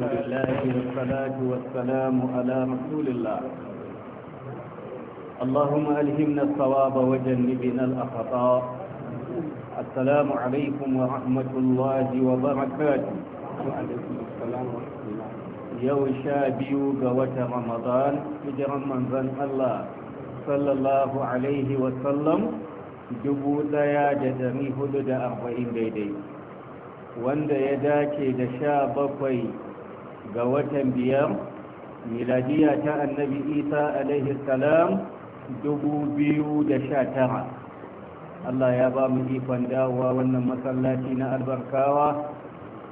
الحمد لله والصلاة والسلام على رسول الله اللهم ألهمنا الصواب وجنبنا الأخطاء السلام عليكم ورحمة الله وبركاته وعليكم السلام ورحمة الله يو شابيو قوة رمضان فجر منزل الله صلى الله عليه وسلم جبوت يا جدمي هدد أربعين بيدي wanda ya dace da sha bakwai ga watan biyar miladiya ta annabi isa alaihi salam tara. Allah ya ba mu ikon dawowa wannan masallaci na albarkawa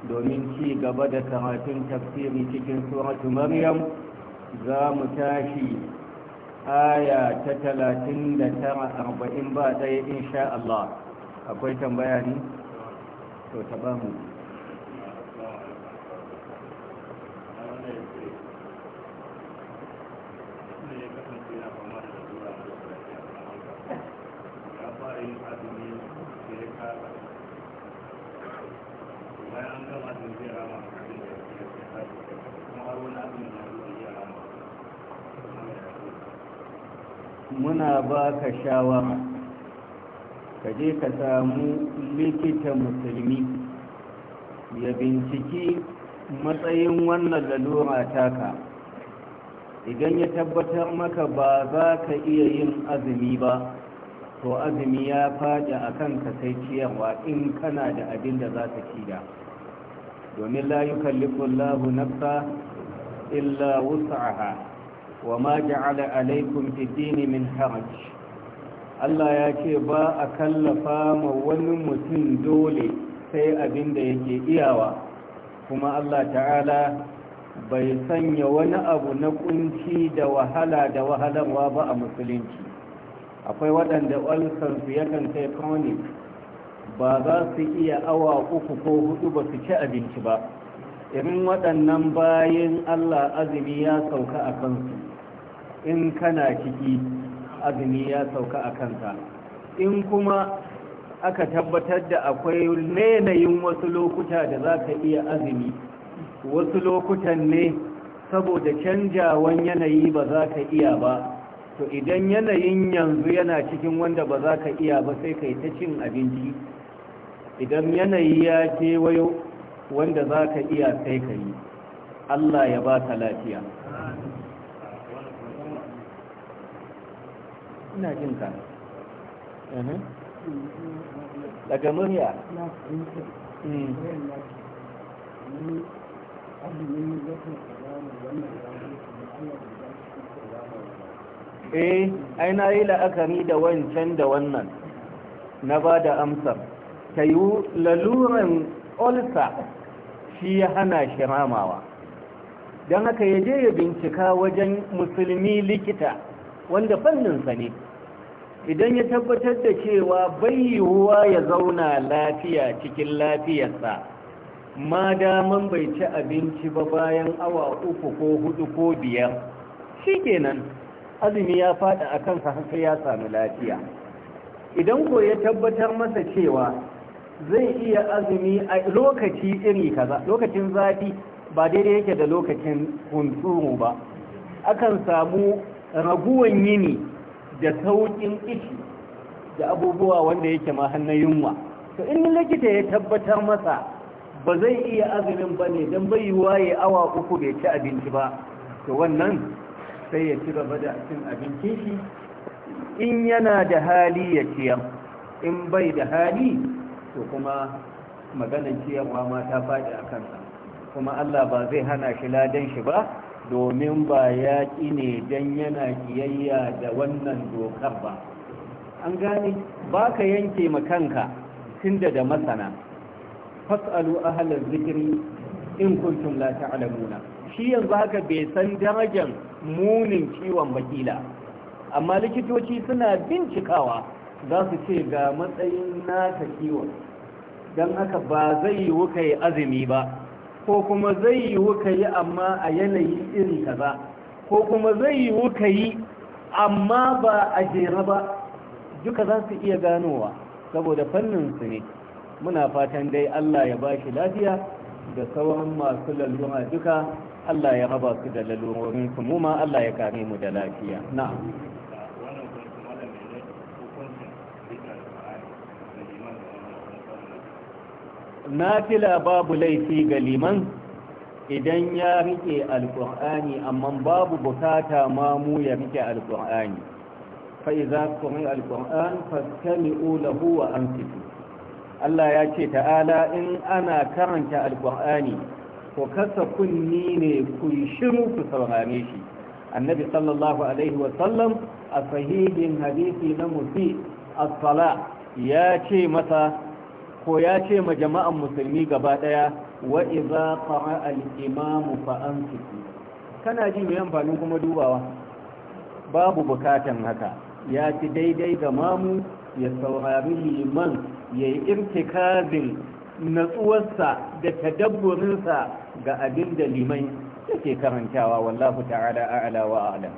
domin ci gaba da karatun tafsiri cikin suratu maryam za mu tashi aya ta talatin da tara arba'in ba ɗaya insha Allah akwai tambaya ne? to ba mu ina baka shawara ka je ka samu likita musulmi ya binciki matsayin wannan lalura taka idan ya tabbatar maka ba za ka iya yin azumi ba to azumi ya faɗi a kan ka sai ciyarwa in kana da abin da za ka ci da domin la yukallifu na illa wus'aha وما جعل عليكم في الدين من حرج Allah ya ce ba a kallafa ma wani mutum dole sai abinda yake iyawa kuma Allah ta'ala bai sanya wani abu na kunci da wahala da wahalarwa ba a musulunci akwai waɗanda su yakan kai chronic ba za su iya awa uku ko hudu ba su ci abinci ba irin waɗannan bayan Allah azumi ya sauka a kansu in kana ciki azumi ya sauka a kanka in kuma aka tabbatar da akwai yanayin wasu lokuta da za ka iya azumi wasu lokutan ne saboda canjawan yanayi ba za ka iya ba to idan yanayin yanzu yana cikin wanda ba za ka iya ba sai ka yi ta cin abinci idan yanayi ya kewayo wanda za ka iya sai ka yi allah ya ba ka lafiya ina jin ka daga murya hmm. eh ai na yi la'akari da wancan da wannan na ba da amsar ta yi laluran olsa shi ya hana shi ramawa don haka ya je ya bincika wajen musulmi likita wanda fanninsa ne idan ya tabbatar da cewa bai yiwuwa ya zauna lafiya cikin lafiyarsa ma daman bai ci abinci ba bayan awa uku ko hudu ko biyar shi kenan azumi ya fada a kansa haka ya samu lafiya idan ko ya tabbatar masa cewa zai iya azumi a lokaci iri kaza lokacin zafi ba daidai yake da lokacin hunturu ba akan samu raguwan yini da sauƙin ishi da abubuwa wanda yake ma hannun yunwa to in likita ya tabbatar masa ba zai iya azumin ba ne don bai waye awa uku bai ci abinci ba to wannan sai ya ci gaba da cin abincin shi in yana da hali ya ciyar in bai da hali to kuma maganar ciyarwa ma ta faɗi a kansa kuma Allah ba zai hana shi ladan shi ba domin ba ya ne don yana kiyayya da wannan dokar ba an gane ba ka yanke makanka tun da masana fas'alu ahalar zikiri in kuntum la ta'lamuna shi yanzu haka bai san darajar munin ciwon bakila amma likitoci suna bincikawa za su ce ga matsayin naka ciwon don haka ba zai yi wuka yi azumi ba ko kuma zai yi wuka yi amma a yanayi iri kaza ko kuma zai yi wuka yi amma ba a jera ba duka za su iya ganowa saboda fannin su ne muna fatan dai Allah ya ba shi lafiya da sauran masu lalura duka Allah ya raba su da lalurorin su mu Allah ya kare mu da lafiya na'am nafila babu laifi ga liman idan ya rike alkur'ani amma babu bukata ma mu ya rike alkur'ani fa ku quri Alƙur'an fastami'u lahu wa ansitu Allah ya ce ta'ala in ana karanta alkur'ani ku kasa kunni ne ku shiru ku saurare shi annabi sallallahu alaihi a sahihin hadisi na musi a ya ce masa ko ya ce ma jama'an musulmi gaba daya wa idza qara al imam fa ansiku kana ji me amfanin kuma dubawa babu bukatan haka ya ci daidai ga mamu ya saurari liman ya yi irtikazin natsuwarsa da tadabburinsa ga abin da liman yake karantawa wallahu ta'ala a'la wa a'lam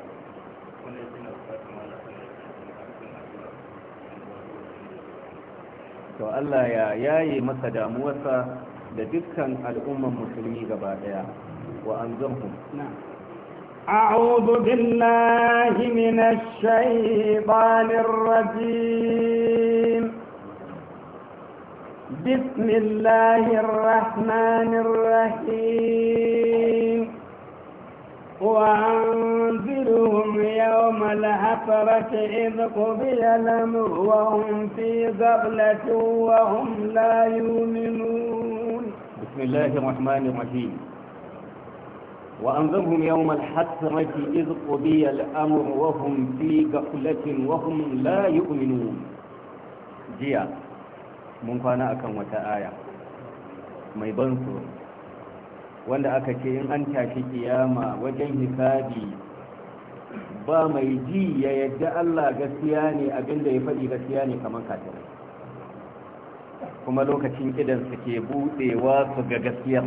to Allah ya yaye masa damuwarsa da dukkan al'umman musulmi gaba daya wa anzahum أعوذ بالله من الشيطان الرجيم بسم الله الرحمن الرحيم وأنذرهم يوم الحفرة إذ قضي الأمر وهم في غفلة وهم لا يؤمنون بسم الله الرحمن الرحيم وأنذرهم يوم الحسرة إذ قضي الأمر وهم في غفلة وهم لا يؤمنون جيا من كان أكم وتآية ما يبنصر wanda aka ce in an tashi kiyama wajen hisabi ba mai ji ya yadda Allah gaskiya ne abinda ya faɗi gaskiya ne kamar kafirai kuma lokacin idan su ke buɗewa su ga gaskiya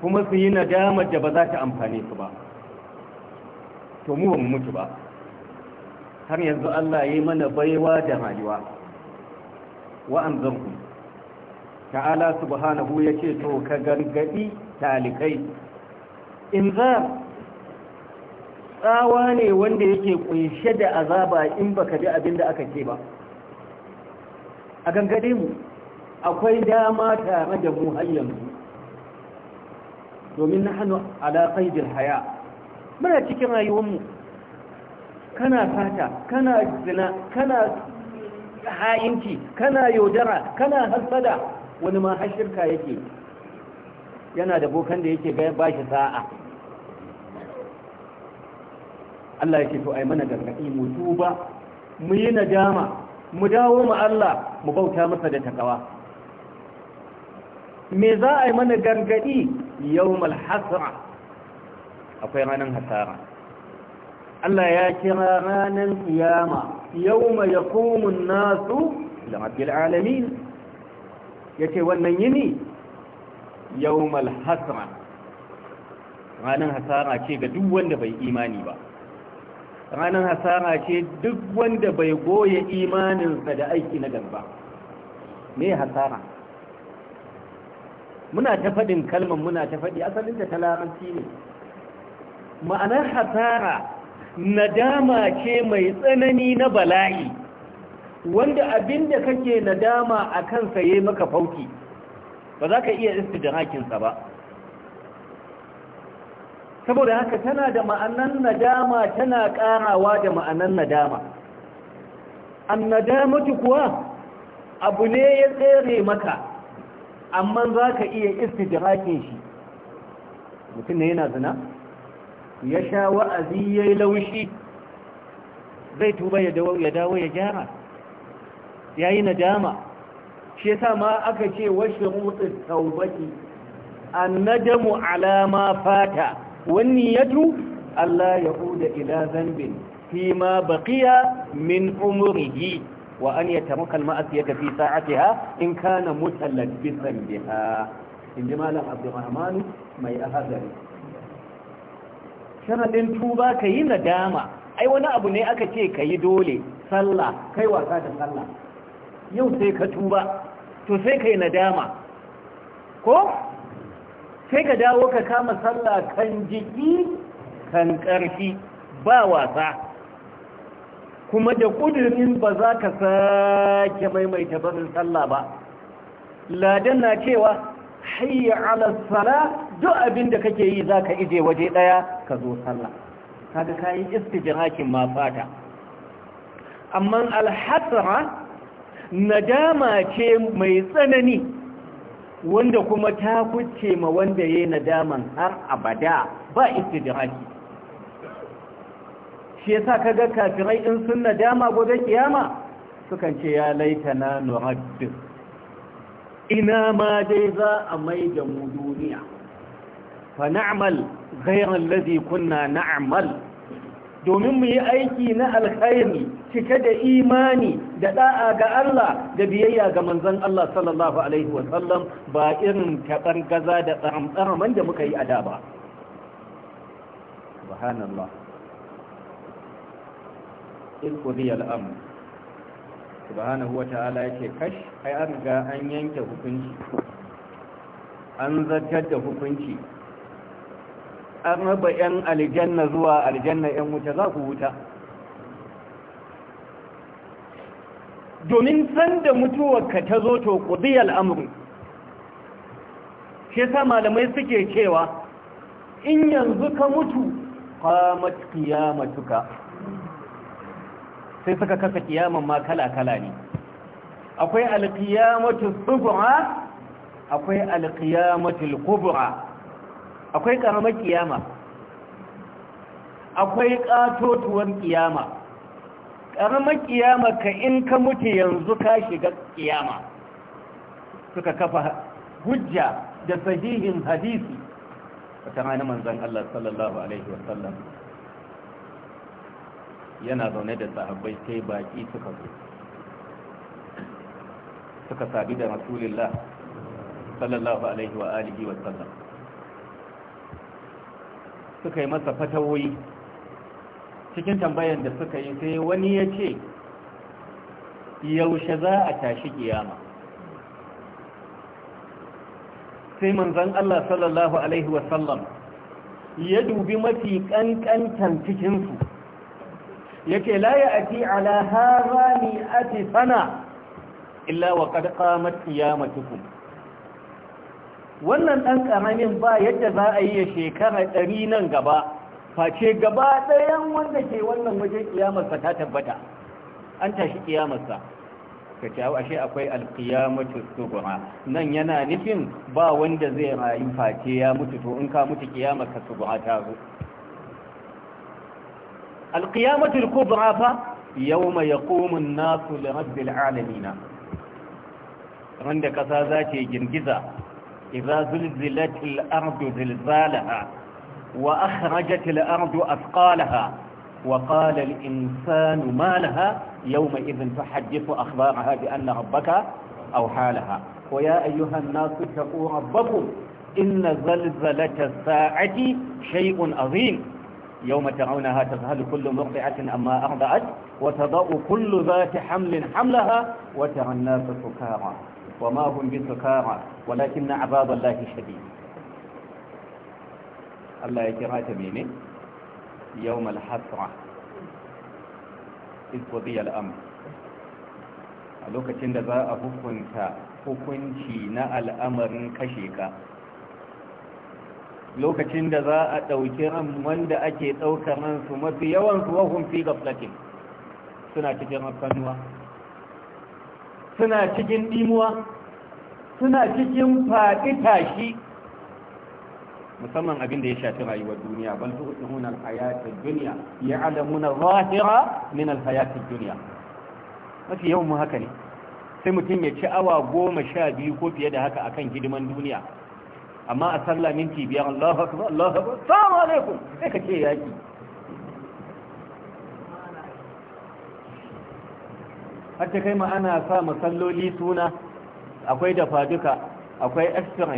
kuma su yi nadamar da ba za ta amfane su ba to mu bamu mutu ba har yanzu Allah ya yi mana baiwa da rayuwa wa'an zanku ta'ala subhanahu ya ce to ka gargadi talikai in za tsawa ne wanda yake kunshe da azaba in baka ji abin da aka ce ba a gangare mu akwai dama tare da mu har yanzu domin nahnu alaƙai qaidil haya muna cikin rayuwarmu kana fata kana zina kana ha'inci kana yaudara kana hasada wani ma har shirka yake yana da bokan da yake ga ba shi sa'a Allah ce to ai mana gargadi mu tuba mu yi nadama mu dawo mu Allah mu bauta masa da takawa me za a yi mana gargadi yawmal hasra akwai ranar hasara Allah ya kira ranar kiyama yawma yaqumun nasu li rabbil alamin ya ce wannan yini yawmal hasra ranar hasara ce ga duk wanda bai imani ba ranar hasara ce duk wanda bai goya imaninsa da aiki na gaba me hasara muna ta faɗin kalmar muna ta faɗi asalin ta talaranci ne ma'anar hasara nadama ce mai tsanani na bala'i wanda abin da kake nadama a kansa ya maka fauki ba za ka iya hakinsa ba saboda haka tana da ma'anan nadama tana karawa da ma'anan nadama an nadama kuwa abu ne ya tsere maka amma za ka iya hakin shi mutum ne yana zina ya sha wa'azi ya yi laushi zai tuba ya dawo ya gyara ya yi nadama shi sa ma aka ce washe mutsin taubaki an nadamu alama fata wani yadu Allah ya huda ila zambin fi ma baqiya min umrihi wa an yatamaka ya tafi fi sa'atiha in kana mutalabbisan biha inji malam abdurrahman mai ahadari sharadin tuba kayi nadama ai wani abu ne aka ce kayi dole sallah kai wasa da sallah yau sai ka tuba to sai ka yi nadama ko sai ka dawo ka kama sallah kan jiki kan ƙarfi ba wasa kuma da ƙudurin ba za ka sake maimaita barin sallah ba ladan na cewa hayya ala sala duk abin kake yi za ka ije waje ɗaya ka zo sallah kaga ka yi istijirakin ma fata amma alhasara nadama ce mai tsanani wanda kuma ta kuce ma wanda ya nadaman har abada ba istidraki shi yasa kaga kafirai in sun nadama gobe kiyama sukan ce ya na nuraddu ina ma dai za a mai da mu duniya fa Na'amal ghayra allazi kunna Na'amal. domin mu yi aiki na alkhairi cike da imani da da'a ga Allah da biyayya ga manzon Allah sallallahu alaihi wa sallam ba irin taɓar gaza da tsaramtsaman da muka yi a da ba subhanallah in qudi al’am. subhanahu wa ta'ala yake kash ai an ga an yanke hukunci an zartar da hukunci an raba 'yan aljanna zuwa aljanna 'yan wuta za ku wuta domin sanda mutuwarka ta zo to ƙudiyar amuru shi sa malamai suke cewa in yanzu ka mutu kwamat kiyamatuka sai suka kasa kiyaman ma kala-kala ne akwai alkiyamatu tsubura akwai alkiyamatu kubura akwai ƙaramar kiyama akwai ƙatotuwar kiyama ƙaramar kiyama ka in ka mutu yanzu ka shiga kiyama suka kafa hujja da sahihin hadisi wata hana manzan Allah sallallahu Alaihi wasallam yana zaune da sahabbai sai baki suka zo suka sabi da rasulullah sallallahu Alaihi wa alihi wasallam suka yi masa fatawoyi cikin tambayar da suka yi sai wani ya ce yaushe za a tashi kiyama sai manzan Allah sallallahu Alaihi wasallam ya dubi mafi kankantan cikinsu yake la ya ati ala hara ni ti sana illa wa qad qamat qiyamatukum wannan dan ƙaramin ba yadda za a yi shekara ɗari nan gaba face gaba ɗayan wanda ke wannan waje ƙiyamarsa ta tabbata an tashi ƙiyamarsa. ka kyawu ashe akwai alkiyamatu sugura nan yana nufin ba wanda zai rayu face ya mutu to in ka mutu ƙiyamarsa sugura ta zo alkiyamatu kubra fa yawma yaqumu an-nasu li rabbil alamin randa ƙasa za ta girgiza idza zulzilatil ardu zilzalaha وأخرجت الأرض أثقالها وقال الإنسان ما لها يومئذ تحدث أخبارها بأن ربك أوحى لها ويا أيها الناس اتقوا ربكم إن زلزلة الساعة شيء عظيم يوم ترونها تذهل كل مرضعة أما أرضعت وتضاء كل ذات حمل حملها وترى الناس سكارى وما هم بسكارى ولكن عذاب الله شديد Allah ya kira ta mene yawmal hasra iz qudiya al a lokacin da za a hukunta hukunci na al'amarin kashe ka lokacin da za a ɗauki ran wanda ake ɗaukar ransu mafi yawan su wahun fi gaflatin suna cikin afkanuwa suna cikin ɗimuwa suna cikin faɗi tashi musamman abin da ya shafi rayuwar duniya bal tu'minuna al-hayatid dunya ya'lamuna zahira min al-hayatid dunya mafi yawan mu haka ne sai mutum ya ci awa goma sha biyu ko fiye da haka akan hidiman duniya amma a sallah minti biyar Allahu akbar Allahu akbar assalamu alaikum sai ka yaki hatta kai ma ana sa masalloli suna akwai dafa duka akwai extra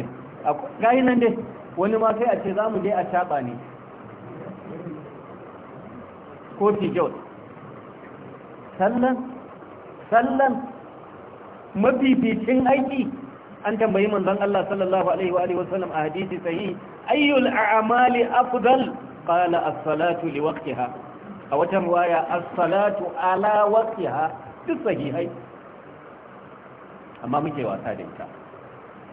akwai nan dai wani ma sai a ce za mu je a caɓa ne ko tijot sallan sallan mafificin aiki an tambayi manzon Allah sallallahu alaihi wa alihi wasallam a hadisi sahih ayyul a'mali afdal qala as-salatu li waqtiha a watan waya as-salatu ala waqtiha duk sahihai amma muke wasa da ita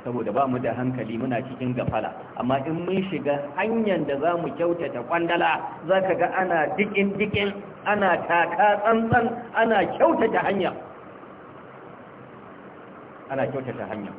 saboda ba mu da hankali muna cikin gafala amma in mun shiga hanyar da za mu kyautata kwandala za ka ga ana dikin-dikin ana taka tsantsan ana kyautata hanya ana kyautata hanya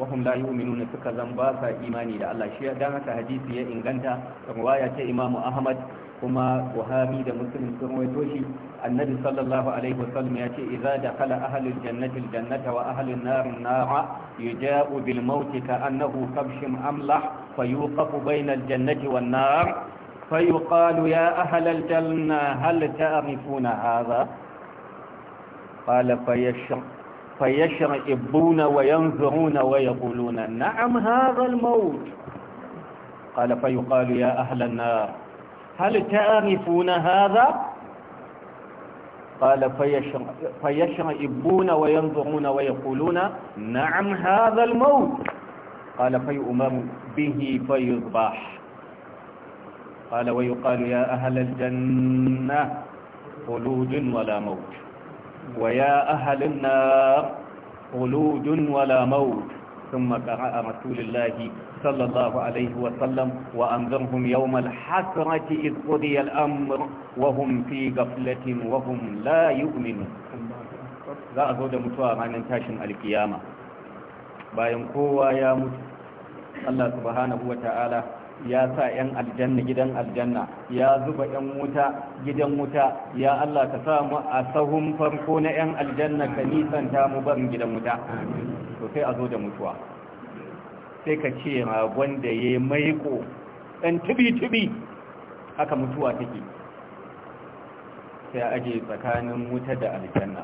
wahum la yu'minuna suka zan ba sa imani da Allah shi ya dan haka hadisi ya inganta kuma ya ce Imam Ahmad kuma wahabi da muslim sun waito shi annabi sallallahu alaihi wasallam ya ce idza dakhala ahlul jannati jannata wa ahlun nar an-nara yuja'u bil ka annahu kabshim amlah fayuqafu bayna al jannati wan-nar ya janna فيقال يا أهل الجنة هل تعرفون wa yanzuruna wa yaquluna na'am hadha al maut qala قال فيقال يا أهل nar هل تعرفون هذا قال فيشرئبون وينظرون ويقولون نعم هذا الموت قال فيؤمر به فيذبح قال ويقال يا أهل الجنة خلود ولا موت ويا أهل النار خلود ولا موت ثم قرأ رسول الله صلى الله عليه وسلم وأنذرهم يوم الحسرة إذ قضي الأمر وهم في غفلة وهم لا يؤمنون za a zo da mutuwa ranar tashin alkiyama bayan kowa ya mutu Allah subhanahu wa ta'ala ya sa 'yan aljanna gidan aljanna ya zuba 'yan wuta gidan wuta ya Allah ka samu a sahun farko na 'yan aljanna ka nisanta mu barin gidan wuta to sai a zo da mutuwa sai ka ce ragon da ya maiko ɗan tubi-tubi haka mutuwa take sai aje tsakanin wuta da aljanna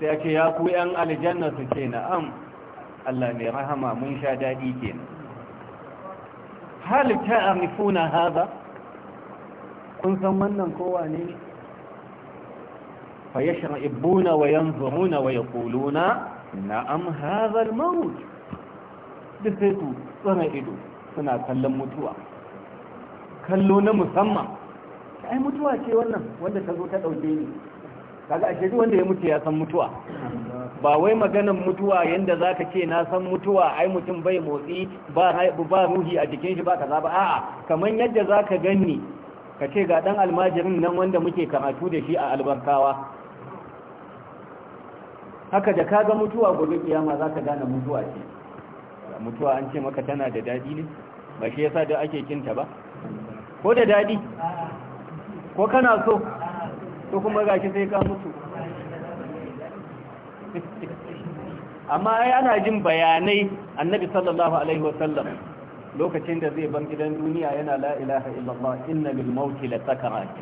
sai ce ya ku yan aljanna su ce na'am Allah mai rahama mun sha daɗi kenan a ta'rifuna haza. kun san wannan kowa ne فيشرئبون وينظرون ويقولون نعم هذا الموت بسيطو صنعيدو suna kallon mutuwa kallo na musamman ai mutuwa ce wannan wanda ta zo ta ɗauke ni kaga ashe duk wanda ya mutu ya san mutuwa ba wai maganan mutuwa yanda zaka ce na san mutuwa ai mutum bai motsi ba ba ruhi a jikin shi ba kaza ba a'a kaman yadda zaka ganni ka ce ga dan almajirin nan wanda muke karatu da shi a albarkawa haka da kaga mutuwa gobe kiyama zaka gane mutuwa ce mutuwa an ce maka tana da dadi ne ba shi yasa da ake kinta ba ko da dadi ko kana so to kuma gashi sai ka mutu amma ai ana jin bayanai annabi sallallahu alaihi wasallam lokacin da zai ban gidan duniya yana la ilaha illallah inna lil mauti la sakarat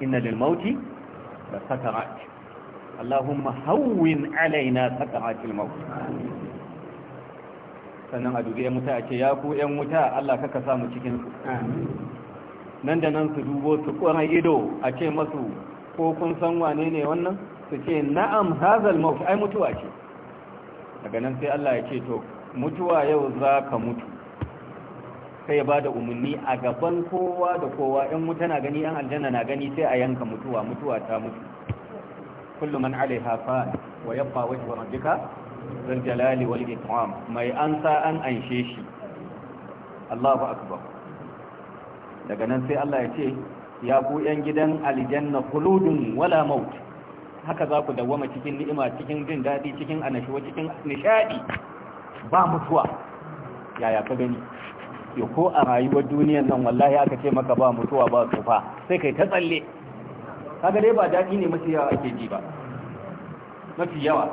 inna lil mauti la sakarat Allahumma هون alaina سكرات الموت sannan a dubi 'yan wuta a ce ya ku 'yan wuta Allah kaka samu cikin nan da nan su dubo su ƙwarar ido a ce masu ko kun san wane ne wannan su ce na'am hazal mafi ai mutuwa ce daga nan sai Allah ya ce to mutuwa yau za ka mutu sai ya ba da umarni a gaban kowa da kowa ‘yan wuta na gani ‘yan aljanna na gani sai a yanka mutuwa mutuwa ta mutu كل من عليها فان ويبقى وجه ربك ذو الجلال jalali ما انسى mai انشيش an اكبر Allahu daga nan sai Allah ya ce ya ku yan gidan aljanna khuludun wala maut haka za ku dawwama cikin ni'ima cikin jin dadi cikin annashuwa cikin nishadi ba mutuwa yaya ka gani ko a rayuwar duniyar nan wallahi aka ce maka ba mutuwa ba tsufa sai kai ta tsalle kaga dai ba daɗi ne mafi yawa ake ji ba mafi yawa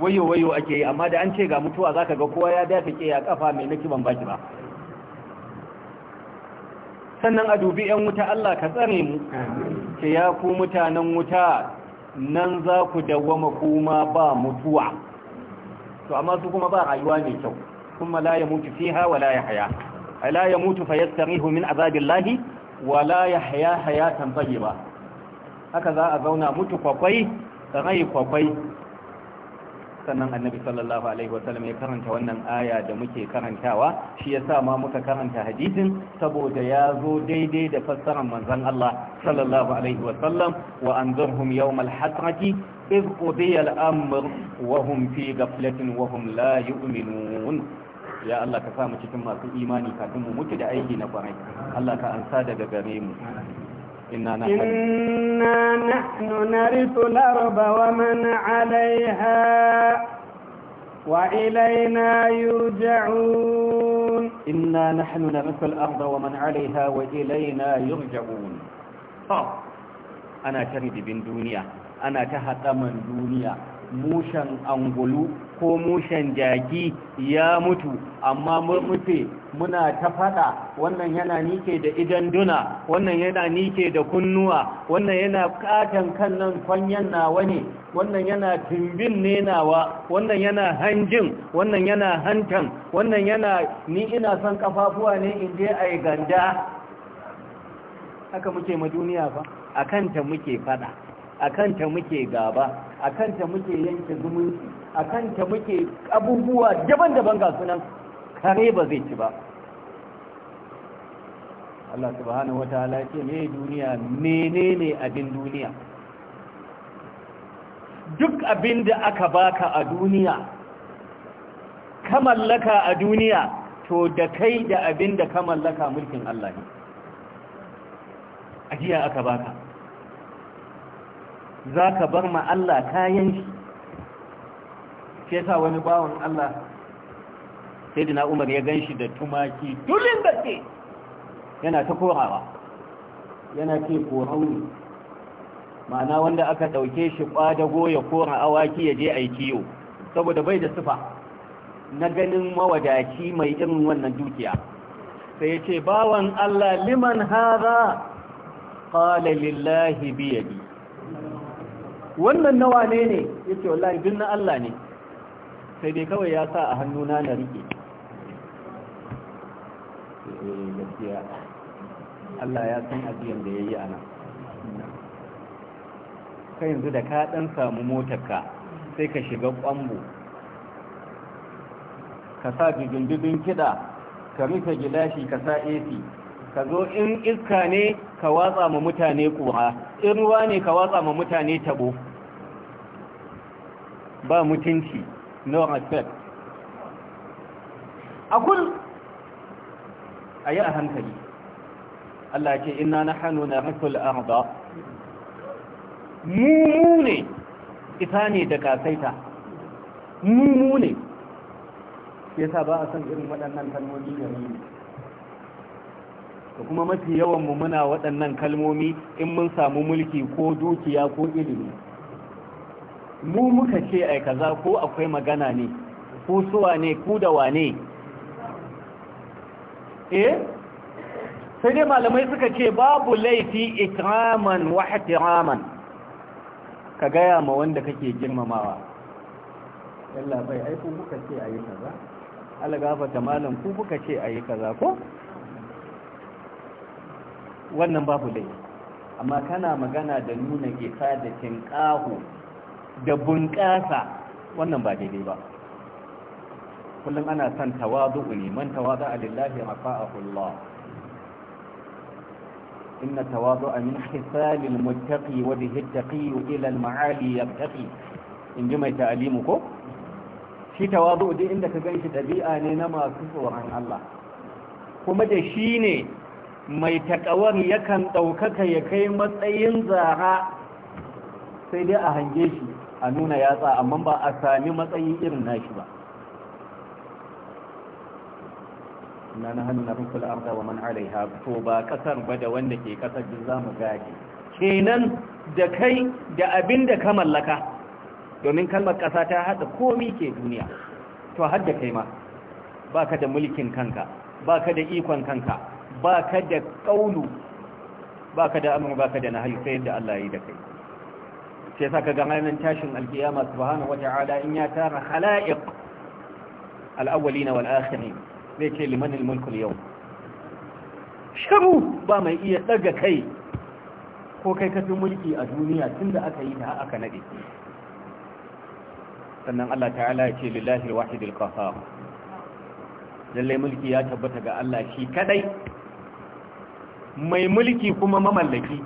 wayo wayo ake yi amma da an ce ga mutuwa zaka ga kowa ya dafa ke ya kafa mai naki ban baki ba sannan a dubi yan wuta Allah ka tsare mu ke ya ku mutanen wuta nan za ku dawwama kuma ba mutuwa to amma su kuma ba rayuwa mai kyau kuma la yamutu fiha wala yahya ala yamutu fayastarihu min azabillahi wala ya haya hayatan ba haka za a zauna mutu kwakwai rai kwakwai sannan annabi sallallahu alaihi wasallam ya karanta wannan aya da muke karantawa shi sa ma muka karanta hadisin saboda ya zo daidai da fassarar manzon Allah sallallahu alaihi wasallam wa anzurhum yawmal hatrati idh qudiya al-amr wa hum fi ghaflatin wa hum la yu'minun ya Allah ka sa cikin masu imani kafin mu mutu da aiki na kwanai Allah ka ansa daga gare mu inna nahnu narithu al-ardha wa man 'alayha wa ilayna yurja'un inna nahnu narithu al-ardha wa man 'alayha wa ilayna yurja'un ana ta ridibin duniya ana ta hadaman duniya mushen angulu ko mushen jaki ya mutu amma murmufe muna ta fada wannan yana nike da idan duna wannan yana nike da kunnuwa wannan yana katan kan kwanyan nawa ne wannan yana tumbin ne nawa wannan yana hanjin wannan yana hantan wannan yana ni ina son kafafuwa ne in je ai ganda haka muke ma duniya fa kanta muke fada kanta muke gaba a kanta muke yanke zumunci a kanta muke abubuwa daban-daban ga sunan kare ba zai ci ba Allah subhanahu wataala ce me duniya menene abin duniya duk abin da aka baka a duniya ka mallaka a duniya to da kai da abin da ka mallaka mulkin Allah ne ajiya aka baka za ka bar ma Allah kayan shi ke sa wani bawan Allah sai dina umar ya gan shi da tumaki tulin ke yana ta korawa yana ke korau ne ma'ana wanda aka ɗauke shi ƙwadago ya kora awaki ya je a yau, saboda bai da sufa na ganin mawadaci mai irin wannan dukiya sai ya ce bawan Allah liman haza ƙala lillahi biyadi wannan nawa ne ne ya ce wallahi duk na Allah ne sai dai kawai ya sa a hannuna na rike eh, Allah ya san abin da ya yi ana kai yanzu da ka ɗan samu motarka sai ka shiga ƙwambo ka sa jujundudun kiɗa ka rufe gilashi ka sa ac ka zo in iska ne ka watsa ma mutane kuwa in ruwa ne ka watsa ma mutane tabo ba mutunci no respect akul a yi a hankali Allah ce ina na hannu na rasul arba mu ne ita ne da kasaita mu ne yasa ba a san irin waɗannan kalmomi da mu da kuma mafi yawan mu muna waɗannan kalmomi in mun samu mulki ko dukiya ko ilimi mu muka ce ai kaza ko akwai magana ne Ko suwa ne ku da wane eh sai dai malamai suka ce babu laifi ikraman wa ihtiraman ka gaya ma wanda kake girmamawa yalla bai ai ku kuka ce ayi kaza Allah da malam ku kuka ce ayi kaza ko wannan babu laifi amma kana magana da nuna isa da tinqahu da bunƙasa wannan ba daidai ba kullum ana son tawadu'u ne man tawada'a lillahi rafa'ahu Allah inna a min hisalil muttaqi wa bihi taqi ila al-ma'ali yabtaqi inji mai ta'alimu ko shi tawadu'u duk inda ka ganshi ɗabi'a ne na masu tsoron Allah kuma da shi ne mai taƙawar yakan ɗaukaka ya kai matsayin zara sai dai a hange shi a nuna yatsa amma ba a sami matsayin irin nashi ba na na hannu na rukul arda wa man alaiha to ba kasar ba da wanda ke kasar duk za mu gaji kenan da kai da abin da ka mallaka domin kalmar kasa ta hada komi ke duniya to har da kai ma ba ka da mulkin kanka ba ka da ikon kanka ba ka da ƙaunu ba ka da amur ba ka da hali sayar da Allah ya yi da kai sa yasa kaga ranar tashin alkiyama subhanahu wata'ala in ya tara khalaiq Al'awali na wal akhirin zai ce liman al-mulku al sharu ba mai iya daga kai ko kai ka mulki a duniya tunda aka yi ta aka nade sannan Allah ta'ala ya ce lillahi al-wahid al-qahhar lalle mulki ya tabbata ga Allah shi kadai mai mulki kuma mamallaki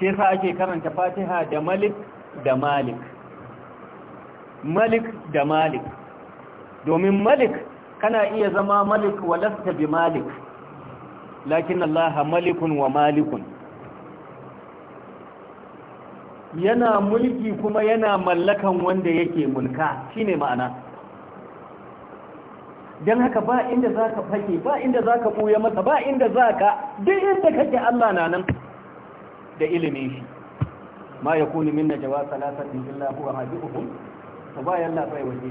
shi yasa ake karanta fatiha da malik da malik malik da malik domin malik kana iya zama malik walasta bi malik lakin Allah malikun wa malikun yana mulki kuma yana mallakan wanda yake mulka shine ma'ana don haka ba inda za ka fake ba inda za ka ɓuya masa ba inda za ka duk inda kake Allah na nan da ilimin shi ma ya kuni min najawa salasatin illa huwa hadiuhum to ba yalla bai waje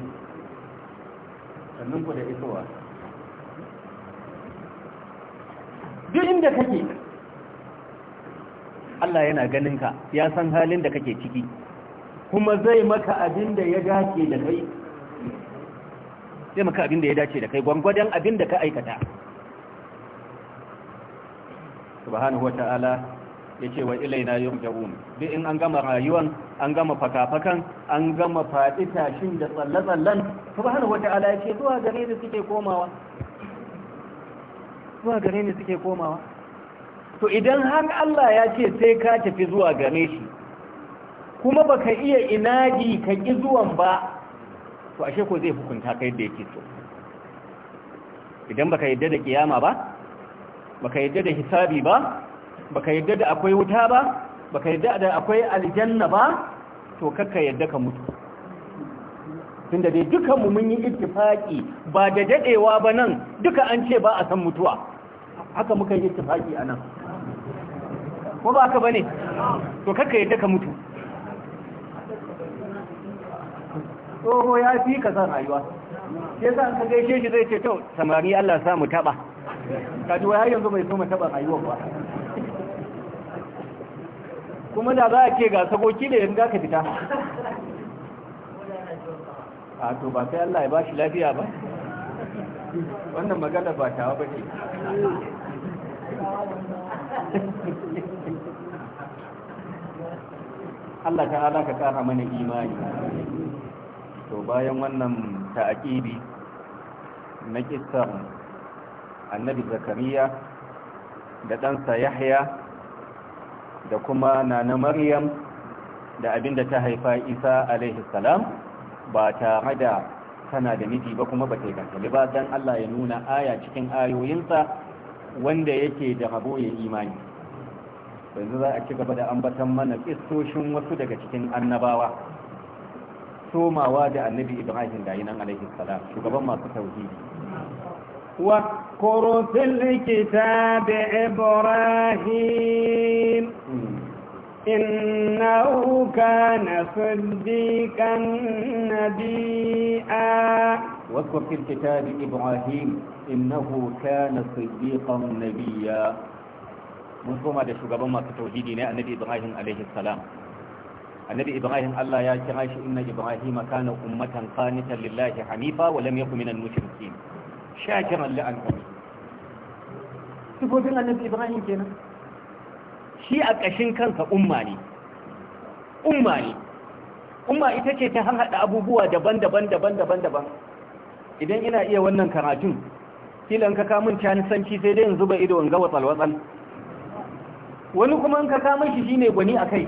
sannan ku da isowa duk inda kake Allah yana ganin ka ya san halin da kake ciki kuma zai maka abin da ya dace da kai zai maka abin da ya dace da kai gwangwadon abin da ka aikata subhanahu ta'ala yace wa ilaina yurja'un duk in an gama rayuwan an gama fakafakan an gama fadi tashin da tsalle-tsallen subhanahu wata'ala yace zuwa gare ni suke komawa zuwa gare ni suke komawa to idan har Allah ya ce sai ka tafi zuwa gare shi kuma baka iya inadi ka ki zuwan ba to ashe ko zai hukunta ka yadda yake so idan baka yadda da kiyama ba baka yadda da hisabi ba baka yadda da akwai wuta ba baka yadda da akwai aljanna ba to kakka yadda ka mutu tunda dai dukanmu mun yi ittifaki ba da dadewa ba nan duka an ce ba a san mutuwa haka muka yi ittifaki a nan ko ba haka bane to kakka yadda ka mutu tsoho ya fi ka san rayuwa sa za ka gaishe shi zai ce to samari Allah sa mu taba kaji wai har yanzu bai so mu taba rayuwa ba kuma da za a ke ga saboki da yanzu ka fita a to ba sai Allah ya ba shi lafiya ba wannan magana ba tawa ba ce Allah ta'ala ka kara mana imani to bayan wannan ta'akibi na kisar annabi zakariya da ɗansa yahya da kuma nana maryam da abinda ta haifa isa alaihi salam ba tare da tana da miji ba kuma ba ta gantali ba don allah ya nuna aya cikin ayoyinsa wanda yake da rabo ya imani yanzu za a ci gaba da ambatan mana kistoshin wasu daga cikin annabawa somawa da annabi ibrahim da nan alaihi salam shugaban masu tauhidi واذكر في الكتاب إبراهيم إنه كان صديقا نبيا واذكر في الكتاب إبراهيم إنه كان صديقا نبيا من منظومة شقابا ما تتوهيدين النبي إبراهيم عليه السلام النبي إبراهيم الله يا عايش إن إبراهيم كان أمة قانتا لله حنيفا ولم يكن من المشركين shakiran li al'ummi sifofin annabi ibrahim kenan shi a ƙashin kanka umma ne umma ne umma ita ce ta haɗa abubuwa daban-daban daban-daban daban idan ina iya wannan karatun kilan ka kamun canisanci sai dai yanzu ba ido in ga watsal-watsal wani kuma in ka kamun shi shine gwani a kai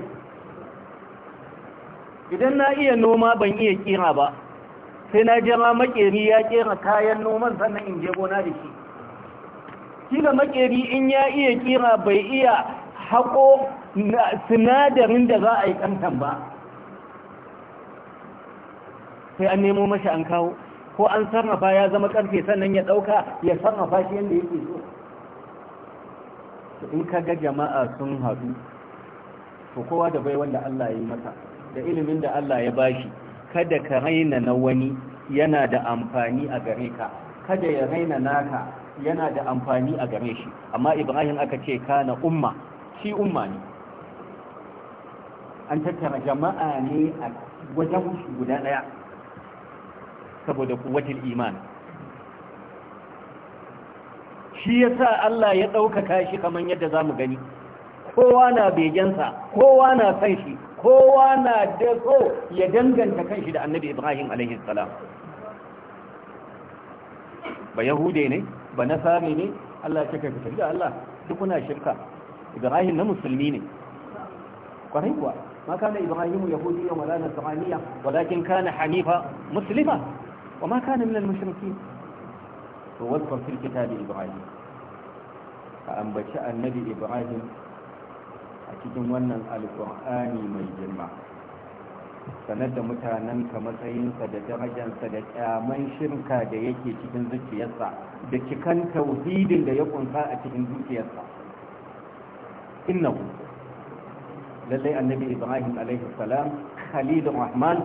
idan na iya noma ban iya kira ba sai na jira makeri ya kera kayan noman sannan in je gona da shi kila makeri in ya iya kira bai iya haƙo sinadarin da za a yi ƙantan ba sai an nemo mashi an kawo ko an sarrafa ya zama ƙarfe sannan ya ɗauka ya sarrafa shi yadda yake so in ka ga jama'a sun haɗu to kowa da bai wanda Allah ya yi masa da ilimin da Allah ya bashi kada ka raina na wani yana da amfani a gare ka kada ya raina naka yana da amfani a gare shi amma ibrahim aka ce kana umma shi umma ne an tattara jama'a ne a wajen guda daya saboda kuwatul iman shi yasa Allah ya ɗaukaka shi kamar yadda zamu gani kowa na begensa kowa na san shi kowa na da so ya danganta kanshi da annabi ibrahim alaihi salam ba yahude ne ba nasari ne Allah ya kai fitar da Allah duk kuna shirka ibrahim na musulmi ne Ƙwarai kuwa ma kana ibrahim yahudiyya wala nasraniyya walakin kana hanifa muslima wa ma kana min al-mushrikeen wasu wadkar fil da ibrahim ka ambaci annabi ibrahim a cikin wannan alkur'ani mai girma sanar da mutanenka matsayinsa da darajansa da kyaman shirka da yake cikin zuciyarsa da cikan tauhidin da ya kunsa a cikin zuciyarsa ku. lallai annabi ibrahim alaihi salam khalilur rahman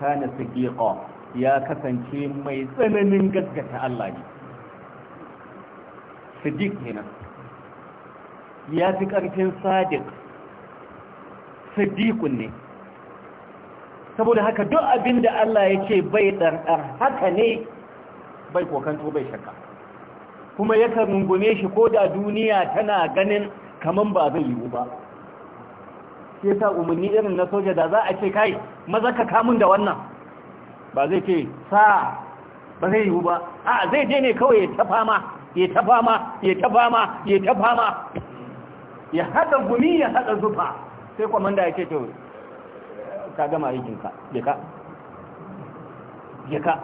kana sadiqa ya kasance mai tsananin gaskata Allah ne sadiq kenan ya fi ƙarfin sadiq sadiqun ne saboda haka duk abin da Allah ya ce bai ɗanɗan haka ne bai kokanto bai shakka kuma yakan rungume shi ko da duniya tana ganin kaman ba zai yiwu ba sai sa umarni irin na soja da za a ce kai maza ka kamun da wannan ba zai ce sa ba zai yiwu ba a zai je ne kawai ya tafa ma, ya tafa ma, ya tafa ma, ya tafa ma. ya haɗa gumi ya haɗa zufa sai kwamanda ya ce to ka gama aikinka jeka jeka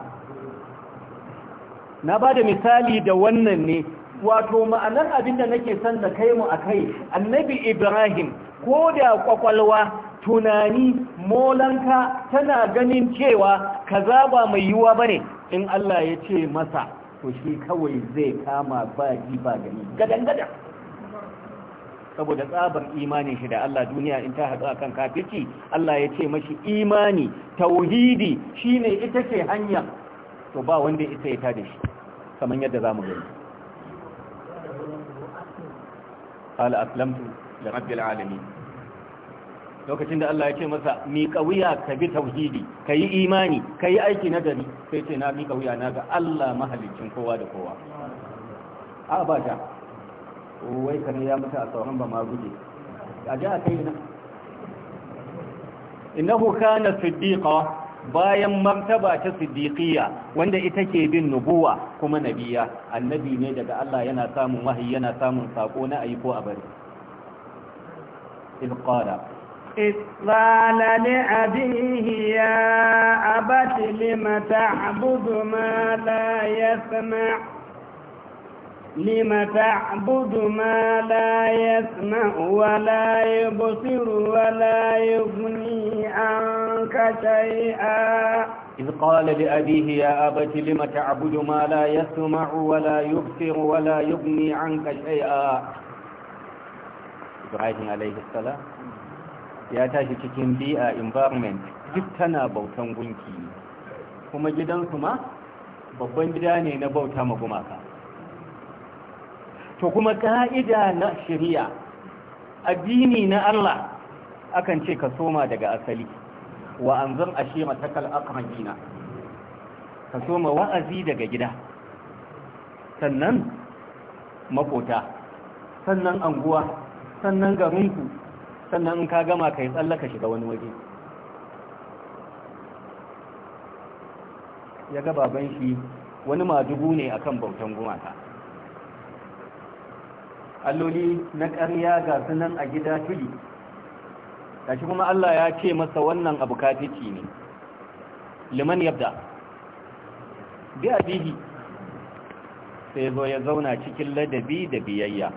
na ba da misali da wannan ne wato ma'anar abin da nake san da kai mu a kai annabi ibrahim ko da kwakwalwa tunani molanka tana ganin cewa ka zaba mai yiwuwa ba ne in allah ya ce masa to shi kawai zai kama ba ji ba gani gadan gadan saboda tsabar imanin shi da Allah duniya in ta haɗu akan kafirci Allah ya ce mashi imani tauhidi shine ita ce hanya to ba wanda ita ya tada shi kamar yadda zamu gani qala aslamtu li rabbil alamin lokacin da Allah ya ce masa mi kawiya ka bi tauhidi kai imani kai aiki na gari sai ce na mi kawiya na ga Allah mahaliccin kowa da kowa a ba ta wai kane ya mutu a sauran ba ma guje a ji a kai na innahu kana siddiqa bayan martaba ta siddiqiyya wanda ita ke bin nubuwa kuma nabiya annabi ne daga Allah yana samun wahayi yana samun sako na ayi ko a bari إذ قال إذ قال لأبيه يا أبت لم تعبد ما لا يسمع لم تعبد ما لا يسمع ولا يبصر ولا يغني عنك شيئا إذ قال لأبيه يا أبت لم تعبد ما لا يسمع ولا يبصر ولا يغني عنك شيئا إبراهيم عليه السلام ya tashi cikin bi'a environment duk tana bautan gunki kuma gidansu ma babban gida ne na bauta ma gumaka to kuma ka'ida na shari'a addini na Allah akan ce ka soma daga asali wa ashe ashira takal aqrabina ka soma wa'azi daga gida sannan makota sannan anguwa sannan garinku sannan in ka gama ka yi tsallaka shiga wani waje ya ga baban shi wani madugu ne akan bautan gumata. alloli na ƙarya ga sunan a gida tuli shi kuma Allah ya ce masa wannan abu kafiki ne liman yabda bi abihi sai zo ya zauna cikin ladabi da biyayya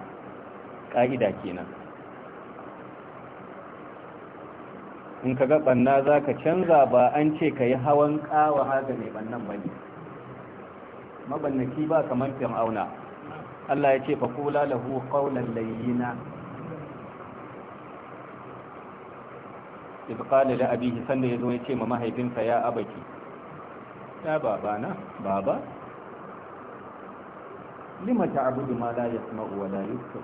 ƙa'ida kenan in ka gabanna za ka canza ba an ce ka yi hawan ƙawa haga mai bannan bane mabannaki ba kamar fir'auna Allah ya ce faƙula lahu ƙaunar layyina izkali da abihi sanda ya zo ya ce ma mahaifinsa ya abaki ya babana baba lima ta abudu ma la yasma'u wa la yusuf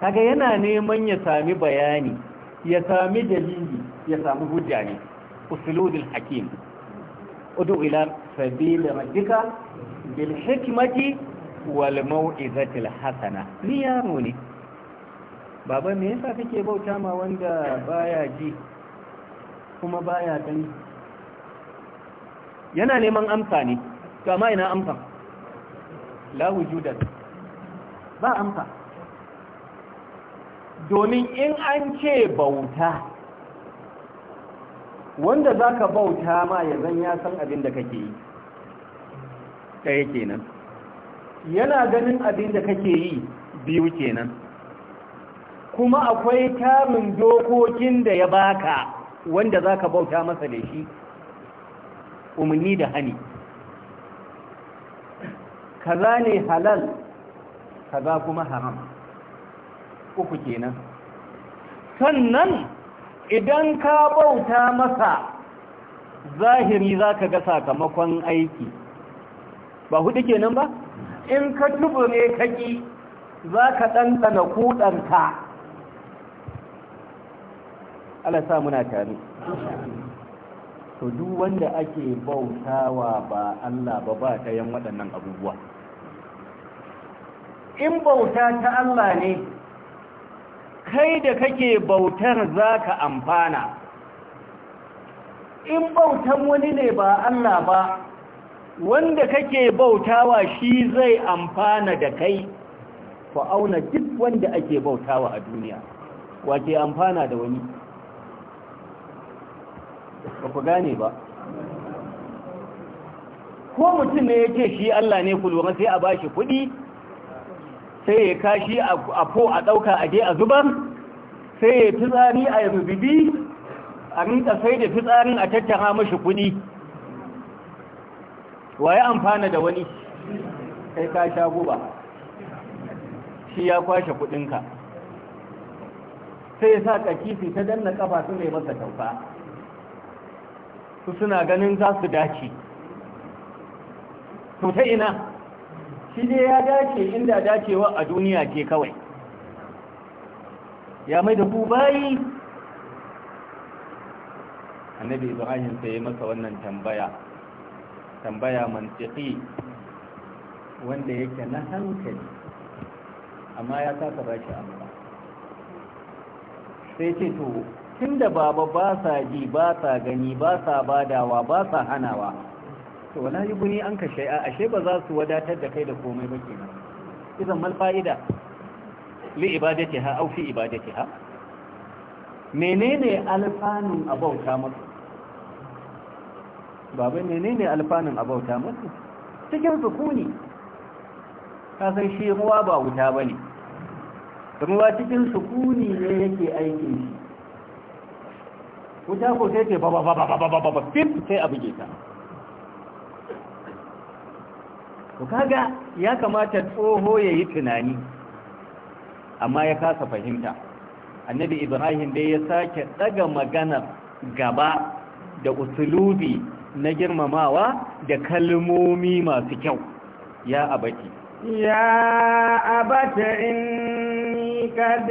kaga yana neman ya sami bayani ya sami dalili ya sami hujja ne usulul hakim udu ila sabil rabbika bil hikmati wal mau'izatil hasana ni yaro ne baba me yasa kake bauta ma wanda baya ji kuma baya gani yana neman amsa ne to amma ina amsa la wujudat ba amsa domin in an ce bauta wanda zaka bauta ma ya zan ya san abin da kake yi ɗaya kenan yana ganin abin da kake yi biyu kenan kuma akwai kamun dokokin da ya baka wanda za ka bauta masa da shi umarni da hani kaza ne halal kaza kuma haram uku kenan sannan idan ka bauta masa zahiri zaka ga sakamakon aiki ba hudu kenan ba in ka tubure kaki za ka ɗanɗana kuɗanta Allah sa muna tare to duk wanda ake bautawa ba Allah ba ba ta yan waɗannan abubuwa in bauta ta Allah ne kai da kake bautar za ka amfana in bautan wani ne ba Allah ba wanda kake bautawa shi zai amfana da kai ku auna duk wanda ake bautawa a duniya wace amfana da wani ba ku gane ba ko mutum ne yake shi Allah ne ku lura sai a bashi kuɗi sai ya kashi a fo a ɗauka a je a zubar sai ya fitsari a yi a rinka sai da fitsarin a tattara mashi kuɗi wa ya amfana da wani kai ka sha guba shi ya kwashe kudinka sai ya sa kakifi ta danna kafa su ne masa tauka su suna ganin za su dace to ta ina shi dai ya dace inda dacewa a duniya ke kawai ya mai da ku bayi annabi ibrahim sai ya masa wannan tambaya tambaya mantiki wanda yake na hankali amma ya kasa ba shi amsa sai ce to tun da baba ba sa ji ba sa gani ba sa badawa ba sa hanawa to wala yi guni an kashe a ashe ba za su wadatar da kai da komai ba ke nan izan mal fa'ida li ha? au fi ha? menene alfanun abauta maka babu ne ne ne alfanin abauta musu cikin sukuni ka san shi ruwa ba wuta bane ruwa cikin sukuni ne yake aikin shi wuta ko sai ce ba ba ba ba ba ba ba ba sai abu ke ta to kaga ya kamata tsoho ya yi tunani amma ya kasa fahimta annabi ibrahim dai ya sake daga maganar gaba da usulubi na girmamawa da kalmomi masu kyau ya abati ya abata in kad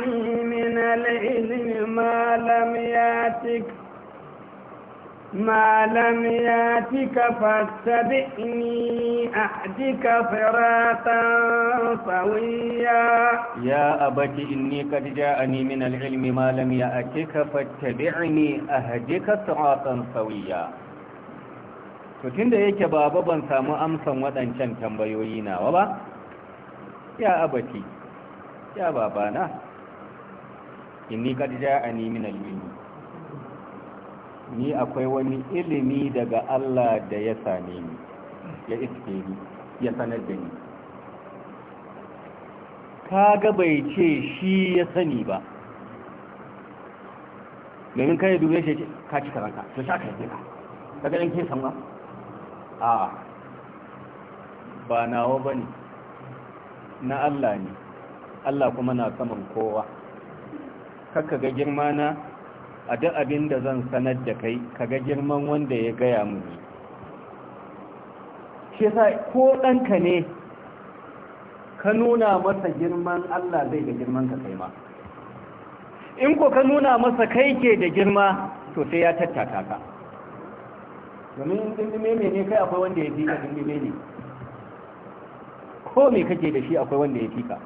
min al-ilmi ma lam yatik ما لم ياتك فاتبعني أهدك صراطا صويا يا أبت إني قد جاءني من العلم ما لم يأتك فاتبعني أهدك صراطا صويا tunda yake baba ban samu amsan waɗancan tambayoyi nawa ba ya abati ya babana inni qad ja'ani min al-ilmi ni akwai wani ilimi daga Allah da ya same ni ya iske ni ya sanar da ni kaga bai ce shi ya sani ba domin kai dube shi ka ci karanta, to sha kai ka kaga dan ke san ba a ba nawa bane na Allah ne Allah kuma na saman kowa kakka ga girma na a duk abin da zan sanar da kai kaga girman wanda ya gaya mini shi yasa ko ɗanka ne ka nuna masa girman Allah zai ga girman ka kai ma in ko ka nuna masa kai ke da girma to sai ya tattaka ka domin dindime mai ne kai akwai wanda ya fi ka dindime ne ko me kake da shi akwai wanda ya fi ka